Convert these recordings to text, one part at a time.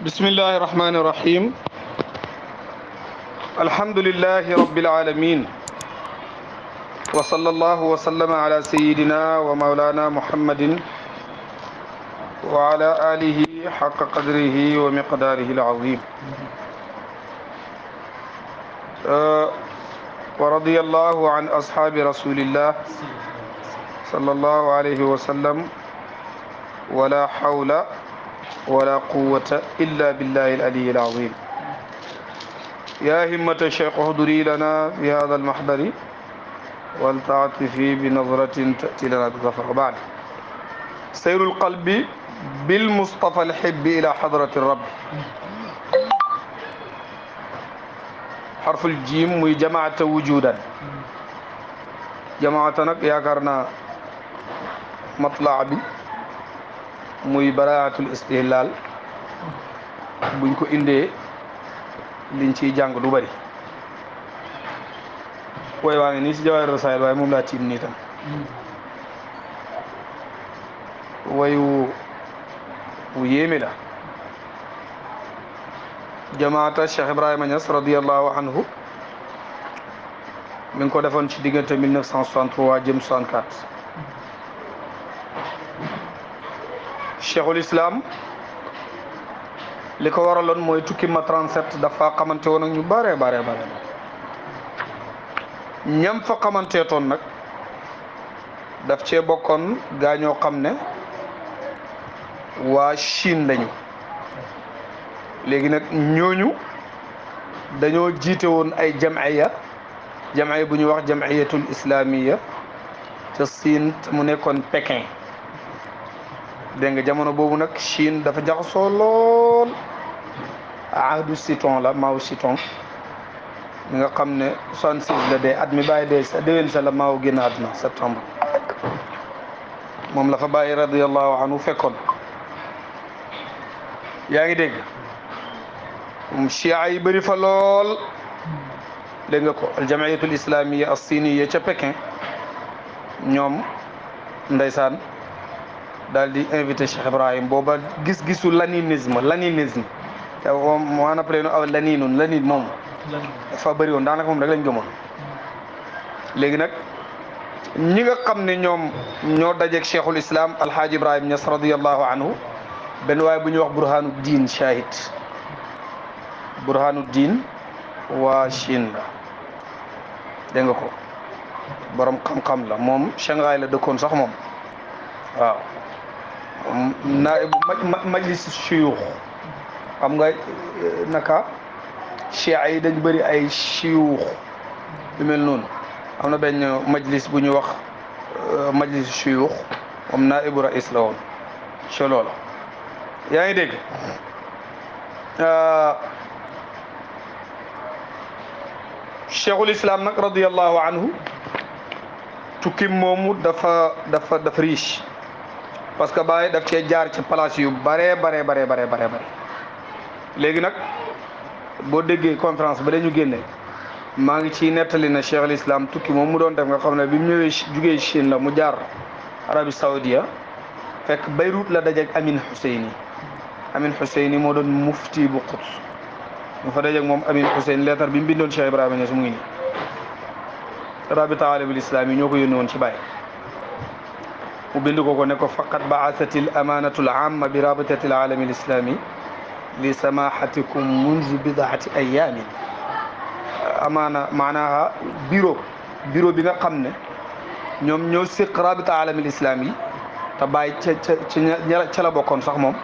بسم الله الرحمن الرحيم الحمد لله رب العالمين وصلى الله وسلم على سيدنا ومولانا محمد وعلى آله حق قدره ومقداره العظيم آه، ورضي الله عن أصحاب رسول الله صلى الله عليه وسلم ولا حول ولا قوة إلا بالله العلي العظيم يا همة الشيخ حضري لنا في هذا المحضر ولتعطفي بنظرة تأتي لنا بظفر بعد سير القلب بالمصطفى الحب إلى حضرة الرب حرف الجيم وجماعة وجودا wujudan يا كرنا مطلع بي muy baraatul istihlaal buñ ko indee liñ ciy jàng du bari waaye waa ngi nii si jawaahir rasaayil waaye moom laa ci nii tam wayu wu yéeme la jamaata Cheikh Ibrahima Niass radiyallahu anhu mi ngi ko defoon ci diggante 1963 jëm 64 cheikhul islam li ko waraloon mooy tukki ma 37 dafa xamante woon ñu bare bare bare ñam fa xamanteetoon nag daf cee bokkoon gaa ñoo xam ne waa Chine lañu léegi nag ñooñu dañoo jiite woon ay jamciya jamciya bu ñuy wax jamciyatul islamiya ca Siin mu nekkoon Pékin dégg nga jamono boobu nag Chine dafa jaxasoo lool ahdu Siton la Mao Siton mi nga xam ne 66 la dee at mi bàyyi dee sa déwén sa la Mao génn àdduna septembre moom la fa bàyyi radiyallahu anhu fekkoon yaa ngi dégg moom chia yi bëri fa lool dégg nga ko aljamiyatul islamiya as siniya ca Pékin ñoom ndeysaan daal di invité Cheikh Ibrahim booba gis-gisu laninisme laninisme te maanaam prénom aw laninun lanin moom dafa bëri woon daanaka moom rek lañ gëmoon léegi nag ñi nga xam ne ñoom ñoo dajeeg cheikhul islam alhaaji ibrahim Niass radiallahu anhu benn waaye bu ñuy wax burhanu diin shahid burhanu diin waa Chine la dégg nga ko borom xam-xam la moom Shanghai la dëkkoon sax moom waaw naibu majlis shuyuux xam nga naka chia yi dañ bëri ay shuyuux yu mel noonu am na benn majlis bu ñu wax majlis shuyuux moom naibu rais la woon ca loola yaa ngi dégg cheikhul islam nag radiallahu anhu tukki moomu dafa dafa dafa riche parce que Baye daf cee jaar ci place yu bare bare bare bare bare nag boo déggee conférence ba ñu génne maa ngi ciy nettali na Cheikh al Islam tukki moom mu doon def nga xam ne bi mu ñëwee jugee Chine la mu jaar Arabie Saoudia fekk Beyrouth la dajeeg Amin Husseini Amin Husseini moo doon mufti bu Quds mu fa dajeeg moom Amin Husseini leetar bi mu bindoon Cheikh Ibrahima Niass mu ngi nii rabita alam al islam yi ñoo ko yónni woon ci Baye. وبندقو نكو فقط بعثت الأمانة العامة برابطة العالم الإسلامي لسماحتكم منذ بضعة أيام أمانة معناها بيرو بيرو بنا قمنا نيوم نيو سيق العالم الإسلامي تباي تشلا تش بوكون صح موم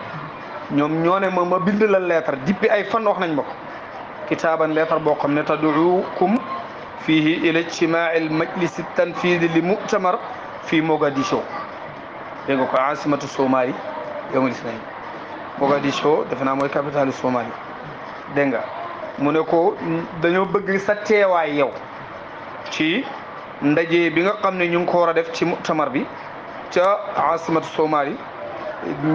نيوم نيو نيو نيو بند دي بي أي فن وخنا نيو كتابا لليتر بوكم نتدعوكم فيه إلى اجتماع المجلس التنفيذي لمؤتمر في موغاديشو dégg ko asimatu Somali yow ma gis nañu defe naa mooy capitalu Somali dégg nga mu ne ko dañoo bëgg sa teewaay yow ci ndaje bi nga xam ne ñu ngi ko war a def ci muktamar bi ca asimatu Somali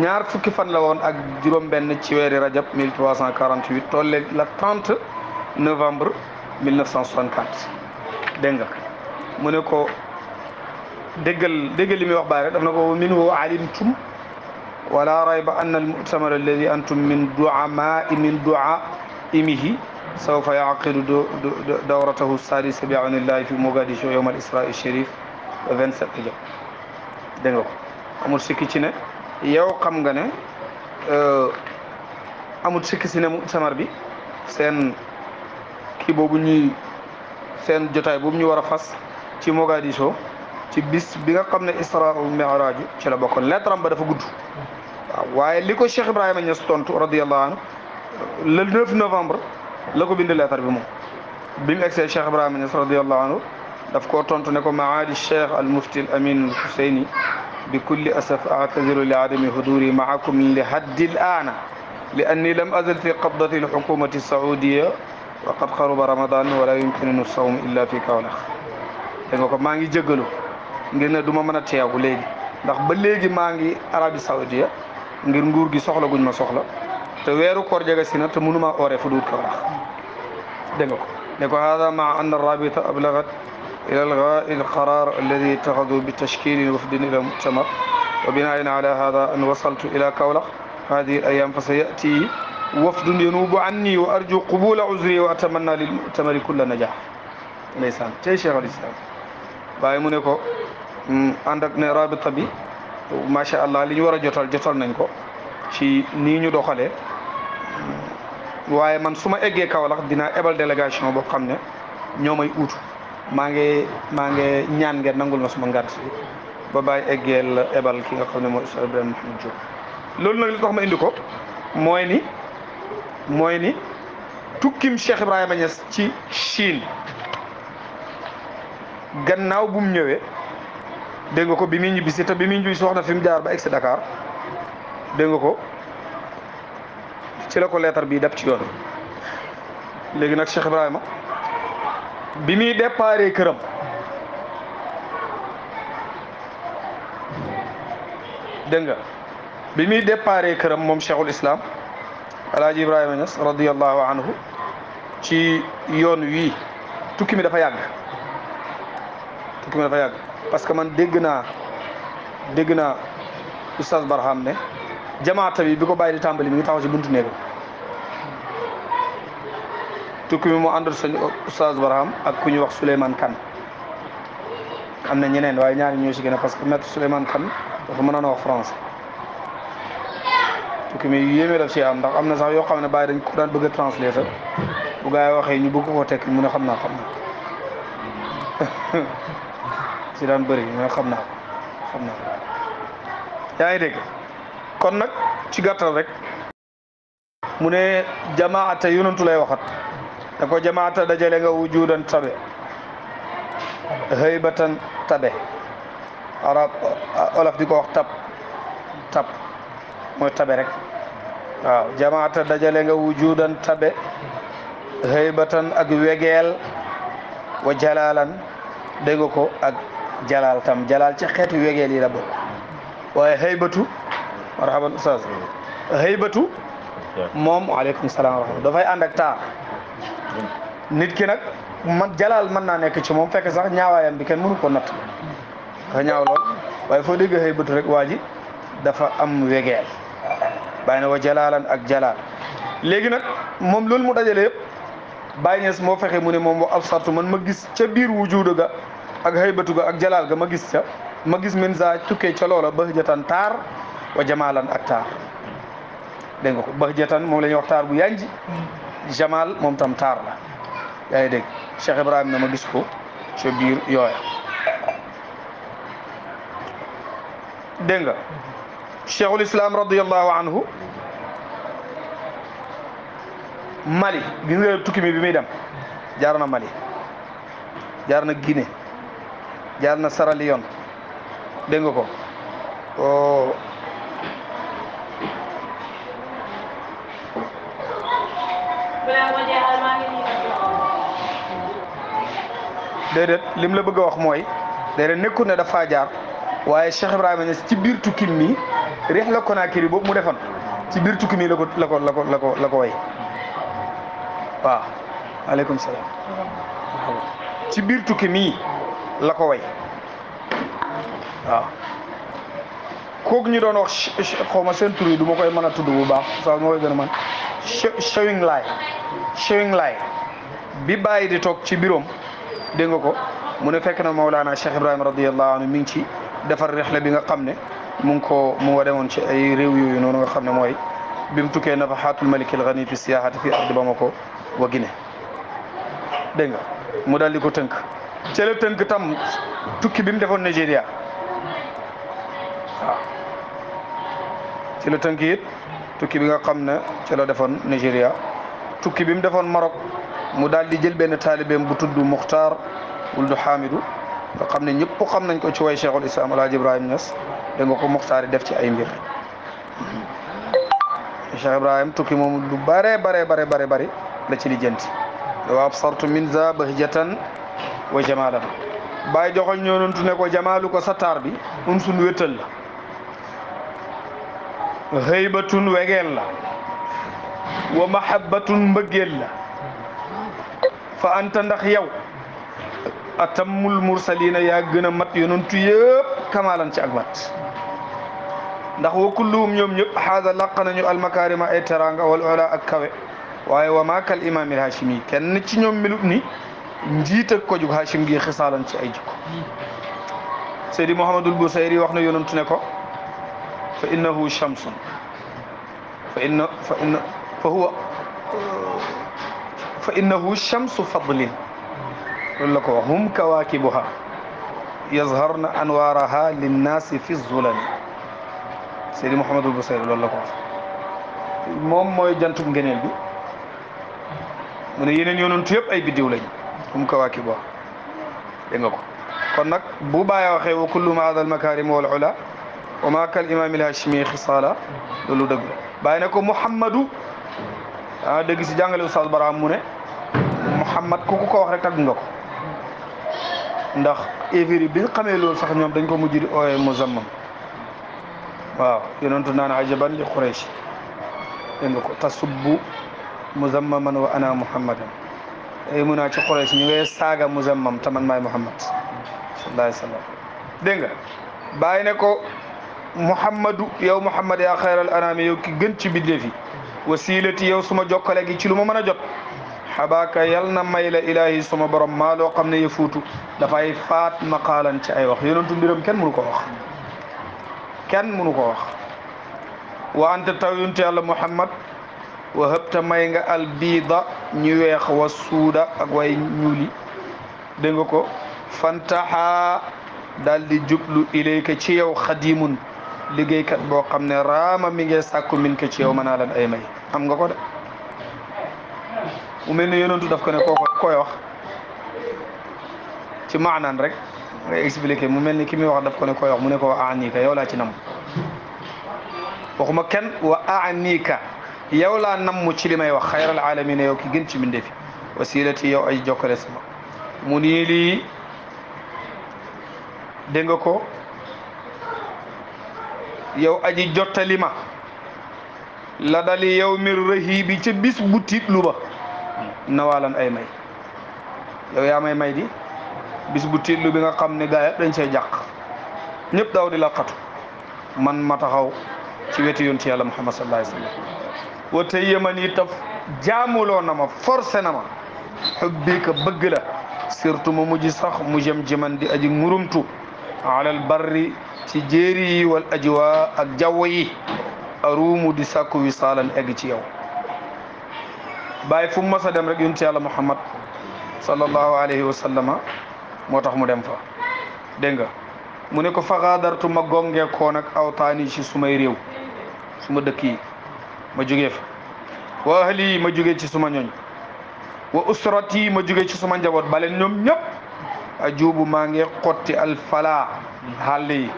ñaar fukki fan la woon ak juróom-benn ci weeri rajab 1348 tolle la 30 novembre 1964 dégg nga mu ne ko. déggal déggal li muy wax baay rek daf na ko minhu alimtum wala rayba anna almutamar alladi antum min duamai min duaimihi sawfa yaqidu dawratahu sadisa bi awnillahi fi mogadisho yowma al israi sharif le 27 jo dégg nga ko amul sikki ci ne yow xam nga ne euh, amul sikki si ne mutamar bi seen kii boobu ñuy seen jotaay boobu ñu war a fas ci mogadisho ci bis bi nga xam ne isra mi'raj ci la bokkoon lettre am ba dafa gudd waaw waaye li ko Cheikh Ibrahima Niass tontu radiyallahu anhu le 9 novembre la ko bind lettre bi moom bi mu egsee Cheikh Ibrahima Niass radiyallahu anhu daf koo tontu ne ko maali Cheikh al mufti al amin al huseyni bi kulli asaf a'taziru li adami huduri maakum li haddi al aana li anni lam azal fi qabdati al hukumati saudiya wa qad xaruba ramadan wala yumkinanu sawm illa fi kawlax da nga ko maa ngi jéggalu ngir ne du ma mën a ndax ba léegi maa ngi Arabie Saoudia ngir nguur gi soxla guñ ma soxla te wéru kor jege sina te mënuma oré fu duut kawrax dégg nga ko ne ko hada ma an rabita ablagat ila algai qarar alladhi ittaxadu bi tashkil wafdin ila mujtamar wa binain ala hada an wasaltu ila kawlax ayyam fa sayati وفد ينوب عني وأرجو قبول عذري وأتمنى للمؤتمر كل نجاح ليسان تي شيخ الإسلام باي مونيكو Mm, ànd ak ne rabita bi macha allah li ñu war a jotal jotal nañ ko ci nii ñu doxalee mm, waaye man su ma eggee Kaolack dinaa ebal délégation boo xam ne ñoo may uutu maa ngi maa ngi ñaan ngeen nangul ma suma si ba bàyyi eggeel ebal ki nga xam ne mooy Oustaz Ibrahima Mahmoud Diop loolu nag li tax ma indi ko mooy ni mooy ni tukkim Cheikh Ibrahima Niass ci Chine gannaaw bum ñëwee. dégg nga ko bi muy ñibbisi bi mi ñibbisi wax na fi mu jaar ba egsi Dakar dégg nga ko ci la ko leetar bii dab ci yoon léegi nag Cheikh Ibrahima bi muy déparé këram dégg nga bi muy déparé këram moom Cheikhul Islam Alaaji Ibrahima Niass radiyallahu anhu ci yoon wii tukki mi dafa yàgg tukki mi dafa yàgg. parce que man dégg naa dégg naa oustaz Barham ne jamaata bi bi ko bàyyi di tàmbali mi ngi taxaw si buntu néeg tukki mu àndal sëñ oustaz ak ku ñuy wax Souleymane Kane am na ñeneen waaye ñaari ñoo si gën parce que maître Souleymane Kane dafa mënoon a wax français tukki mi yu mi daf si am ndax am na sax yoo xam ne bàyyi dañ ko daan bëgg a translator bu yi waxee ñu bëgg ko tek mu ne xam naa xam naa si daan bëri mais xam naa ko xam yaa ngi dégg kon nag ci gàttal rek mu ne jamaata yonantu lay waxat da ko jamaata dajale nga wujudan tabe haybatan tabe olaf di ko wax tab tab mooy tabe rek waaw jamaata dajale nga wujudan tabe haybatan ak wegeel wa jalalan dégg ko ak jalaal tam jalaal ci xeetu wegeel yi la bokk waaye xëybatu marhaban oustaz xëybatu moom waaleykum salaam wa rahmatulah dafay ànd ak nit ki nag man jalaal mën naa nekk ci moom fekk sax ñaawaayam bi kenn mënu ko natt dafa ñaaw lool waaye foo déggee xëybatu rek waa ji dafa am wegeel bàyyi na wa jalaalan ak jalaal léegi nag moom loolu mu dajale yëpp bàyyi nees moo fexe mu ne moom wa absartu man ma gis ca biir wujuudu ga ak xaybatu ak jalaal ga ma gis ca ma gis min za tukkee ca loola bëx jatan taar wa jamaalan ak taar dégg ko bëx jatan moom la ñuy wax taar bu yanji jamaal moom tam taar la yaa ngi dégg Cheikh na ma gis ko ca biir yooya dégg nga cheikhul islam radiallahu anhu Mali gis nga tukki mi bi muy dem jaar na Mali jaar na jaar na Sierra Leone dégg nga ko déedéet lim la bëgg a wax mooy déedéet nekkul ne dafa jaar waaye Cheikh Ibrahima Niass ci biir tukki mi reex la Conakry boobu mu defoon ci biir tukki mi la ko la ko la ko way waaw aleykum salaam ci biir tukki la ko way waaw kooku ñu doon wax xaw ma seen du ma koy mën a tudd bu baax saa ma koy gën a man showing laay showing laay bi bàyyi di toog ci biroom dégg nga ko mu ne fekk na Mawlana Cheikh Ibrahima radiyallahu anhu mi ngi ci defar rexle bi nga xam ne mu ko mu nga demoon ci ay réew yooyu noonu nga xam ne mooy bi mu tukkee nafaxaatul malikil gani fi siyaahati fi ardi Bamako wa Guinée dégg nga mu daal di ko tënk ca la tënk tam tukki bi mu defoon Nigéria waaw ci la tënk tukki bi nga xam ne ca defoon Nigéria tukki bi mu defoon Maroc mu daal di jël benn taalibeem bu tudd Muxtaar wuldu Hamidou nga xam ne ñëpp xam nañ ko ci way Cheikhul Islam El Hadj Ibrahima Niass da nga ko Muxtaar def ci ay mbir. Cheikh tukki moom lu bare bare bare bare bare la ci lijjanti wa absartu min za bahjatan wa jamaalan bàyyi joxoñ ñoonantu ne ko jamaalu ko sattaar bi um sun wéttal la xëybatun wegeel la wa mahabbatun mbëggeel la fa anta ndax yow atammul mursalina yaa gën a mat yonantu yëpp kamaalan ci ak mat ndax wa kulluhum ñoom ñëpp xaada làq nañu almakarima ay teranga wal ola ak kawe waaye wa maakal imaamil hashimi kenn ci ñoom melut ni njiit ak ko jug Hachim gi xisaalan ci ay jikko Seydi Mouhamadul Busayri wax na yonantu ne ko fa innahu shamsun fa inna fa inna fa huwa fa innahu shamsu fadlin loolu la ko wax hum kawaakibuha yazharna anwaaraha linnaasi fi zulami Seydi Mouhamadul Busayri loolu la ko wax moom mooy jantub ngeneel bi mu ne yeneen yonantu yëpp ay biddiw lañu mukawakib ko dégg kon nag bu bàyyi waxee wa kullu ma hadal makarim wal ula wa ma kal imam al hashimi xisaala loolu dëgg ne ko muhammadu a dégg si jàngale ustaz baraam mu ne muhammad ku ko wax rek tagg nga ko ndax éviri bi nga xamee sax ñoom dañ ko mujj di ooye muzammam waaw yonentu naan ajaban li quraysh dégg muzammaman wa muhammadan mu naa ci Quraysh ñu ngay saaga muzammam taman maay Muhammad sallallahu alayhi wa sallam dégg nga bàyyi ne ko Muhammadu yow Muhammad yaa xayral anaami yow ki gën ci bindéef yi wasilati yow suma jokkale gi ci lu ma mën a jot xabaaka yal na may la ilaahi suma borom maa loo xam ne yëfuutu dafay faat maqaalan ci ay wax yonentu mbiram kenn mënu ko wax kenn mënu ko wax wa anta taw yonent Muhammad wa hëbta may nga albiida ñu weex wa suuda ak way ñuuli dégg nga ko fantaxaa daal di jublu ilayka ci yow xadimun liggéeykat boo xam ne raama mi ngi sàkku min ko ci yow mën naa ay may am nga ko de mu mel ne yonentu daf ko ne koo koy wax ci maanaan rek ngay expliqué mu mel ni ki muy wax daf ko ne koy mu ne ko wa aaniika yow laa ci nam waxuma kenn wa aaniika yow laa namm ci li may wax xayral alamina yow ki gën ci mbindeef yi wasilati yow ay jokkale sama mu nii lii dégg nga ko yow aji jottali ma la dali yow mir rëhi bi ca bis bu tiitlu ay may yow yaa may may di bis bu bi nga xam ne gaa yëpp dañ say jàq ñëpp daaw di la man mata taxaw ci wetu yonti yàlla muhammad sallallahu alayhi wa tey yaman itam jaamuloo na ma forcé na ma xubbi ka bëgg la surtout mu mujj sax mu jëm di aji murumtu alal barri ci jéeri yi wal ajiwaa ak jaww yi aruumu di sàkku wi saalan egg ci yow bay fu mu masa dem rek yonent yàlla muhammad sallallahu alayhi wa moo tax mu dem fa dégg nga mu ne ko faxaadartu ma gonge koo nag awtaani ci sumay réew suma dëkk yi ma jugee fa wa ahli ma jugee ci suma ñooñ wa usrati ma jugee ci suma njaboot bale ñoom ñëpp a juubu maa ngi xotti alfala xàll yi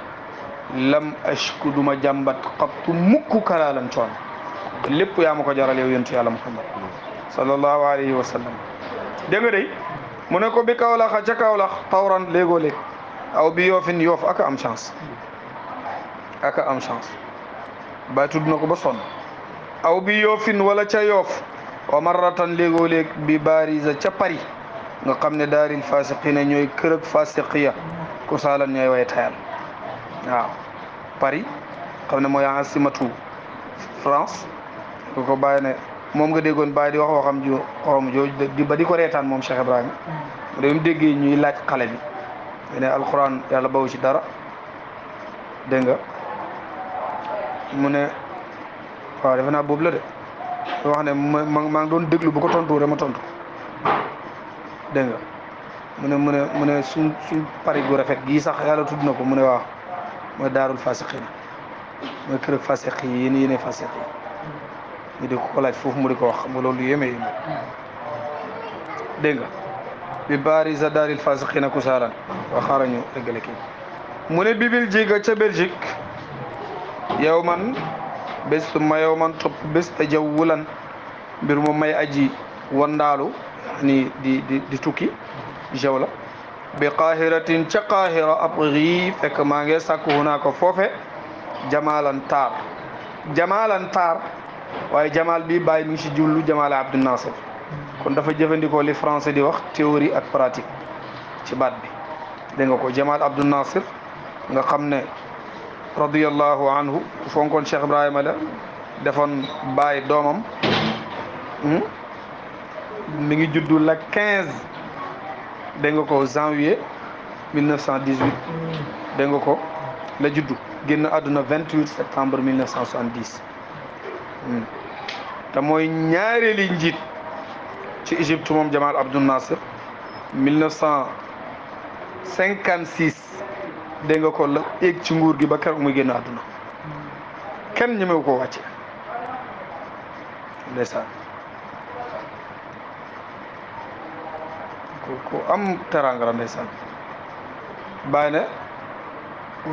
lam ashku duma jàmbat xattu kalaalan coon lépp yaa ma ko jaral yow yontu yàlla muhammad sallallahu alayhi wa sallam dégg mu ne ko bi kawlax a ca kawlax tawran léegoo léeg aw bi yoofin yoof aka am chance aka am chance ba tudd ko ba sonn aw bi yoofin wala ca yoof wa marratan léegoo léeg bi barisa ca Paris nga xam ne daaril fasiqina ñooy kërëg fasiqiya ku saalan ñooy way tayal waaw Paris xam ne mooy asimatu France ku ko bàyyi ne moom nga déggoon bàyyi di wax waxam ju ba di ko reetaan moom Cheikh Ibrahima dañu déggee ñuy laaj xale bi dene alquran yàlla bawu ci dara dégg mu ne waaw defe naa boobu la de loo xam ma maa ngi doon déglu bu ko tontu rek ma tontu dégg nga mu ne mu ne suñ suñ pari gu rafet gii sax yàlla tudd na ko mu ne waaw mooy daarul fasiqi mooy kër fasiq yi yéen yéen fasiq mu di ko laaj foofu mu di ko wax xam loolu yéeme yéeme dégg nga bi baari sa daaril fasiqina kusaaran waa xaaral ñu eggale kii mu ne bibil jiga ca Belgique yow man bés su mayoo man topp bés te mbir mu may aji wandaalu ni di di di tukki jaw la bi qaahiratin ca qaahira ab rii fekk maa ngi sàkk ko foofe jamaalan taar taar waaye jamaal bi bàyyi mi ngi si jullu jamaal Abdou Nasser kon dafa jëfandikoo li français di wax théorie ak pratique ci baat bi dégg ko jamaal Abdou nga xam radiyallahu anhu ku fonkoon Cheikh Ibrahima defoon baay doomam hmm? mi ngi juddu la quinze dégg nga ko janvier mille neuf cent ko la juddu génn àdduna vingt-huit septembre mille neuf cent hmm. mooy ñaareeli njiit ci Égypte moom Jamal Abdel Nasser dégg nga ko la yéeg ci nguur gi ba keroog muy génn àdduna kenn ñemewu ko wàcce ndeysaan ku am teraanga la ndeysaan bàyyi ne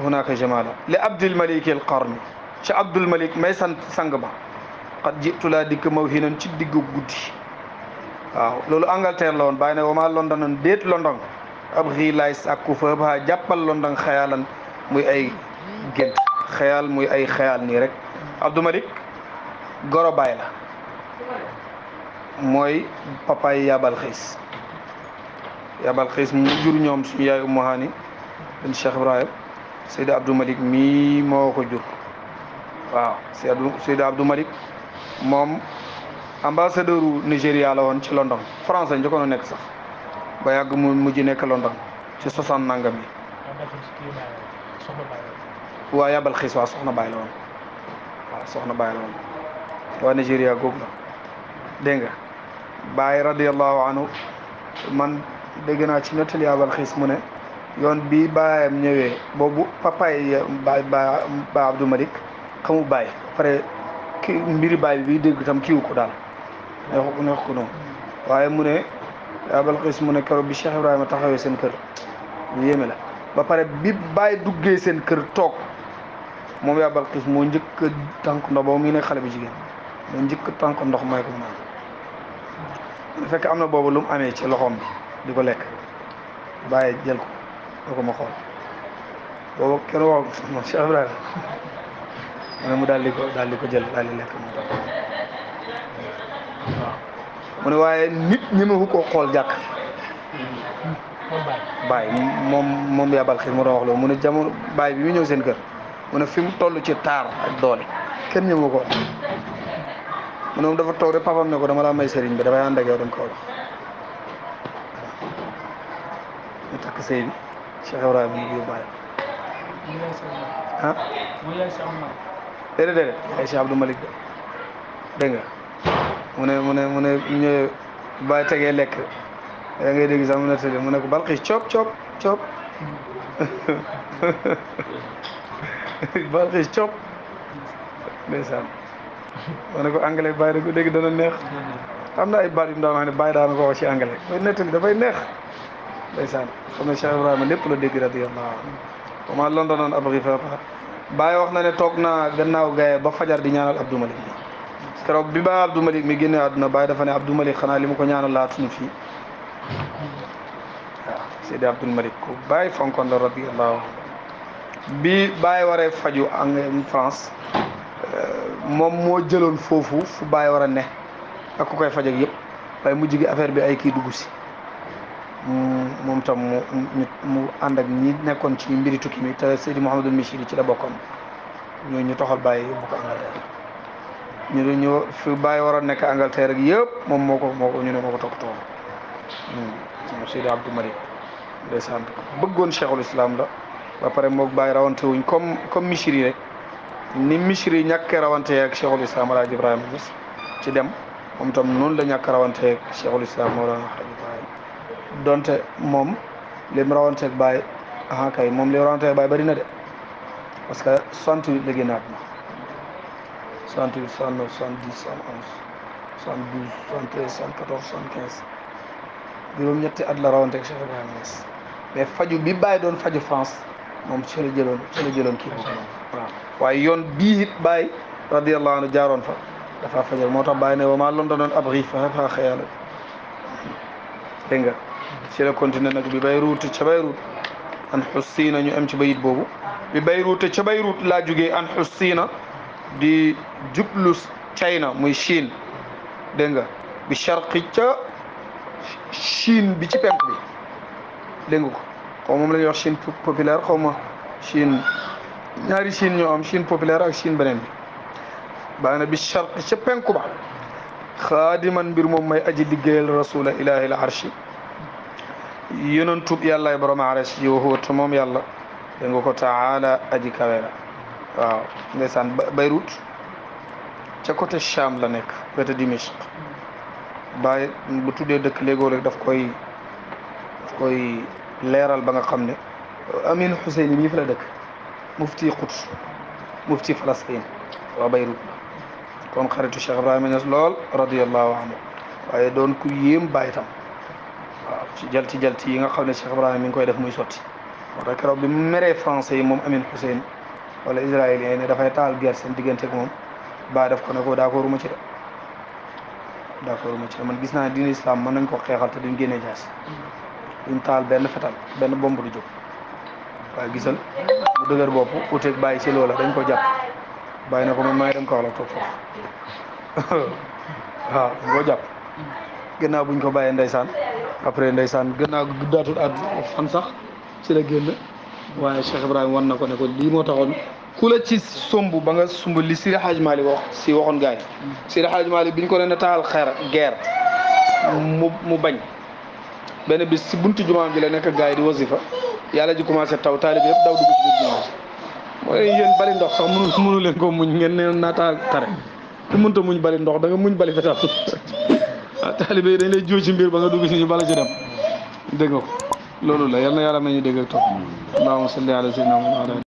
hunaka jamala li abdul malik al qarni ci abdul malik may sant sang ba qad jitu laa dikk maw hinan ci digg guddi waaw loolu Angleterre la woon bàyyi ne wa maa londonan déet london ab xiilaay sàkku fa ba jàppal london xayaalan muy ay gént xayaal muy ay xayaal nii rek Abdou Malik goro la mooy papaay yabal xiis yabal xiis mu jur ñoom suñu yaay Umu Haani bin Cheikh Ibrahim Seydi Abdou Malik mii moo ko jur waaw Seydi Abdou Malik moom ambassadeur u Nigéria la woon ci London France njëkkoon nekk sax ba yàgg mu mujj nekk London ci soixante nangam yi. waa yabal xiis waa soxna bàyyi la woon waaw soxna bàyyi la woon waa Nigéria googu la dégg nga bàyyi radiallahu anhu man dégg naa ci nettali yabal xiis mu ne yoon bi baayam ñëwee boobu papaay ba ba ba Abdou Malik xamu bàyyi pare ki mbiri bàyyi bi dégg tam kiiwu ko daal neex ko neex ko noonu waaye mu ne abal xis mu ne keroog bi Cheikh ma taxawee seen kër lu yéeme la ba pare bi bàyyi duggee seen kër toog moom yaa bal moo njëkk a tànk ndox boobu ngi ne xale bu jigéen moo njëkk a tànk ndox may ko naan fekk am na boobu lu mu amee ci loxoom bi di ko lekk bàyyi jël ko doo ko ma xool boobu kenn waxu moom Cheikh Ibrahima mu mu daal di ko daal di ko jël daal di lekk moom mu ne waaye nit ñemewu koo xool jàkk baay moom moom yabal xir mu doon wax mu ne jamono baay bi mu ñëw seen kër mu ne fi mu toll ci taar ak doole kenn ñemewu koo xool ne moom dafa toog rek papam ne ko dama laa may sëriñ bi dafay ànd ak yow dem kaw la ñu takk mu ne mu ne mu ne ñëwee bàyyi tegee lekk da ngay dégg sax mu nettali mu ne ko balxiis coob coob coob balxiis coob ndeysaan ma ne ko anglais bàyyi da ko dégg dana am na ay baat yu mu daan wax ne bàyyi daana ci anglais mooy dafay neex ndeysaan xam ne Cheikh Ibrahima lépp la dégg radiyallahu anhu wa maa London wax na ne toog naa gannaaw gaye ba fajar di ñaanal Abdou Malik keroog bi baay Abdou Malick mi génne àdduna baay dafa ne Abdou Malick xanaa li mu ko ñaanal laatuñu fii waaw Seydi Abdou Malick ku baay fonkoon la radiyallahu bi baay waree faju en France euh, moom moo jëloon foofu fu baay war a ne ak ku koy faj yëpp waaye mu gi affaire bi ay kii dugg si moom mu mu ànd ak ñi nekkoon ci mbiri tukki mi te Seydi Mouhamadou Michiri ci la bokkoon ñoo ñu toxal bàyyi yóbbu ko Angleterre ñu ne ñu fi bàyyi waroon nekk Angleterre ak yëpp moom moo ko ñu ne moo ko toppatoo hmm. moom Seydi Abdou Malick ndeysaan bëggoon la ba pare moog bàyyi rawante wuñ comme comme misir rek ni misir yi ñàkk rawante ak cheikhul islam Alaaji Ibrahima Niass ci dem moom tam noonu la ñàkk rawante ak cheikhul islam Mawlana Alaaji donte moom lim rawante ak bàyyi ah kay moom lim rawante ak bàyyi na de parce que soixante-huit la génnaat na 68 69 70 71 72 73 74 75 juróom-ñetti at la rawanteeg Cheikh Ibrahima Niass mais faju bi bàyyi doon faju France moom ci la jëloon ci la jëloon kii waaw waaye yoon bii it bàyyi radiyallahu anhu jaaroon fa dafa fajal moo tax bàyyi ne wa maa Londonoon ab riif fa fa xëyala dégg nga ci la continué nag bi Bayruut ca Bayruut an xussiina ñu am ci bayit boobu bi Bayruut ca Bayruut laa jugee an xussiina di jublu China muy Chine dégg nga bi charqi ca Chine bi ci penk bi dégg ko xaw moom la ñuy wax Chine populaire xaw ma Chine ñaari Chine ñoo am Chine ak Chine beneen bi baa na bi charqi ca penku ba xaadiman mbir moom may aji liggéeyal rasula ilahi l arshi yonentub yàllaay borom ares yi waxuwa te moom yàlla dégg ko taala aji kawe waaw ndeysaan Beyrouth ca côté Cham la nekk côté Dimashq bàyyi bu tuddee dëkk léegoo rek daf koy daf koy leeral ba nga xam ne Amin Hussein mii fa la dëkk mufti Quds mufti Falastin waa Beyrouth la kon xaritu Cheikh Ibrahima Niass lool radiyallahu anhu waaye doon ku yéem bàyyi tam waaw ci jalti jalti yi nga xam ne Cheikh Ibrahima mi ngi koy def muy sotti moo tax keroog bi français yi moom Amin Hussein wala israélien ne dafay taal guerre seen diggante ak moom baa def ko ne ko d'accord mu ci de d'accord mu ci de man gis naa ne diine islam mën nañ ko xeexal te duñ génnee jaas duñ taal benn fetal benn bomb du jóg waaye gisal mu dëgër bopp uteeg bàyyi ci loola dañ ko jàpp bàyyi na ko man maay dem ko wax la toog foofu waaw dañ koo jàpp buñ ko bàyyee ndeysaan après ndeysaan gannaaw guddaatul at fan sax ci la génn waaye Cheikh Ibrahima war na ko ne ko lii moo taxoon ku la ci somb ba nga sumb li Sidi xaaj Malick wax si waxoon gaay yi mm. Sidi Hadj Malick ko nee na taal xeer guerre mu mu bañ benn bis si buntu jumaam bi la nekk gars yi di wasifa yàlla ji commencé taw taalib yëpp daw dugg si biir jumaam ndox sax mënu mënu ko ngeen ne naa taal muñ bali ndox da nga bali fetal ah taalibe dañ lay jiw ci mbir ba nga dugg si ñu bala ci dem dégg loolu la yal na yàlla may ñu dégg ak topp allahumma salli ala sayyidina Muhammad